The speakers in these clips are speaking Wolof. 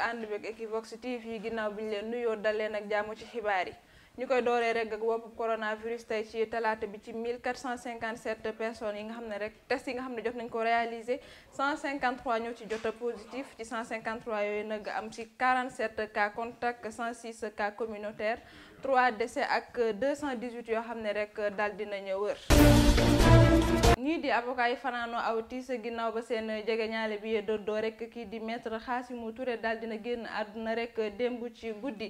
rafetlu ànd beeg Equivox TV ginnaaw bi ñu leen nuyoo dalee nag ak jàmm ci xibaar yi ñu koy dooree rek ak woppu coronavirus tey ci talaata bi ci 1457 personnes yi nga xam ne rek test yi nga xam ne jot nañ ko réalisé 153 ñoo ci jot a positif ci 153 yooyu nag am ci 47 cas contact 106 cas communautaire 3 décès ak 218 yoo xam ne rek daal dinañu wër. di avocat yi fanaanoo aw tiis ginnaaw ba seen jegeñaale bi doddoo rek kii di xaasi mu ture daal na génn àdduna rek démb ci guddi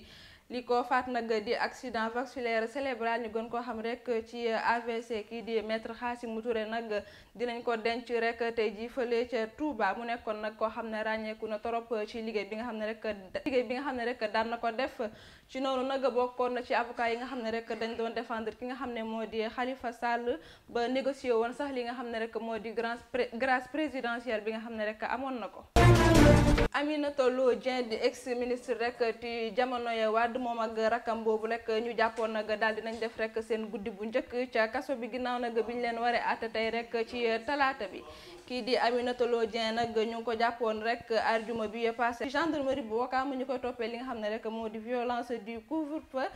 li ko faat nag di accident vasculaire cérébral ñu gën ko xam rek ci AVC ki di maître Khassimou Touré nag dinañ ko denc rek tey jii fële ca Touba mu nekkoon nag koo xam ne ràññeeku na trop ci liggéey bi nga xam ne rek liggéey bi nga xam ne rek daan na ko def ci noonu nag bokkoon na ci avocat yi nga xam ne rek dañ doon defendre ki nga xam ne moo di Khalifa Sall ba négocier woon sax li nga xam ne rek moo di grâce grâce présidentielle bi nga xam ne rek amoon na ko Aminata Lo Dieng di ex ministre rek ci jamono ya Wade moom ak rakam boobu rek ñu jàppoon nag daal dinañ def rek seen guddi bu njëkk ca kaso bi ginnaaw nag bi ñu leen waree àtte tey rek ci talaata bi kii di Aminata Lo Dieng nag ñu ngi ko jàppoon rek arjuma bi passé gendarmerie bu Ouakam ñu koy toppee li nga xam ne rek moo di violence du couvre-feu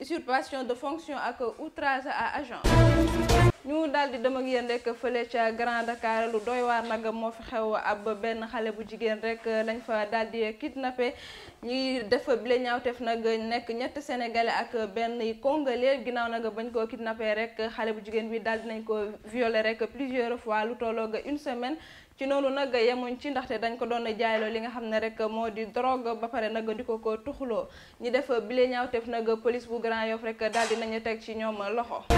usurpation de fonction ak outrage à agent ñu daal di dem ak yéen rek fële ca Grand Dakar lu doy waar nag moo fi xew ab benn xale bu jigéen rek lañ fa daal di kidnappé ñi def bile ñaawteef nag nekk ñett sénégalais ak benn congolais ginnaaw nag bañ koo kidnappé rek xale bu jigéen bi daal nañ ko violé rek plusieurs fois lu tolloog une semaine. ci noonu nag yemuñ ci ndaxte dañ ko doon jaayloo li nga xam ne rek moo di drogue ba pare nag di ko ko tuxloo ñi def bile ñaawteef nag police bu Grand Yoff rek daal di nañu teg ci ñoom loxo.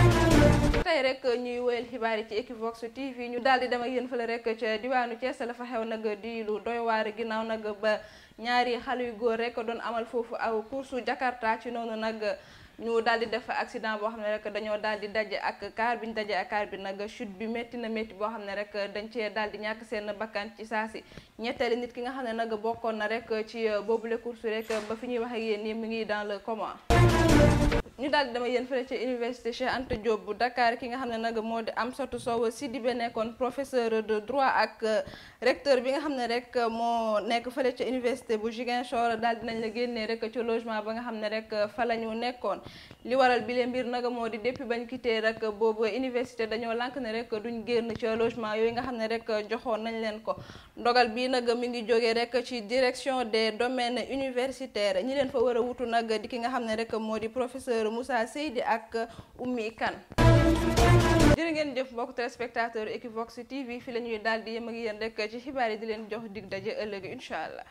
tey rek ñuy wéyal xibaar yi ci Equivox TV ñu daal di dem ak yéen fële rek ca diwaanu Thiès la fa xew nag di lu doy waar ginnaaw nag ba ñaari xale yu góor rek doon amal foofu aw course Jakarta ci noonu nag. ñu daal di def accident boo xam ne rek dañoo daal di daje ak kaar bi ñu daje ak kaar bi nag chute bi métti na métti boo xam ne rek dañ cee daal di ñàkk seen bakkan ci saa si ñetteeli nit ki nga xam ne nag bokkoon na rek ci boobule course rek ba fi ñuy wax ak yéen nii mi ngi dans le coma ñu daal di dama yéen fële ci université Cheikh Anta Diop bu dakaar ki nga xam ne nag moo di Amsatou di Sidibé nekkoon professeur de droit ak euh, recteur bi nga xam ne rek euh, moo nekk fële ci université bu Ziguinchor daal dinañ la génnee rek ci logement ba nga xam ne rek euh, fa la ñu nekkoon li waral bi lee mbir nag moo di depuis bañ quitté rek boobu université dañoo lànk ne rek duñ génn ci logement yooyu nga xam ne rek joxoon nañ leen ko dogal bi nag mi ngi jógee rek ci direction des domaines universitaires ñi leen fa war a wutu nag di ki nga xam ne rek moo di professeur Moussa Seydi ak euh, Oumy jër ngeen jëf mbokk téléspectateur Equivox TV fi la ñuy daal di yem ak yéen rek ci xibaar yi di leen jox dig daje ëllëg incha allah.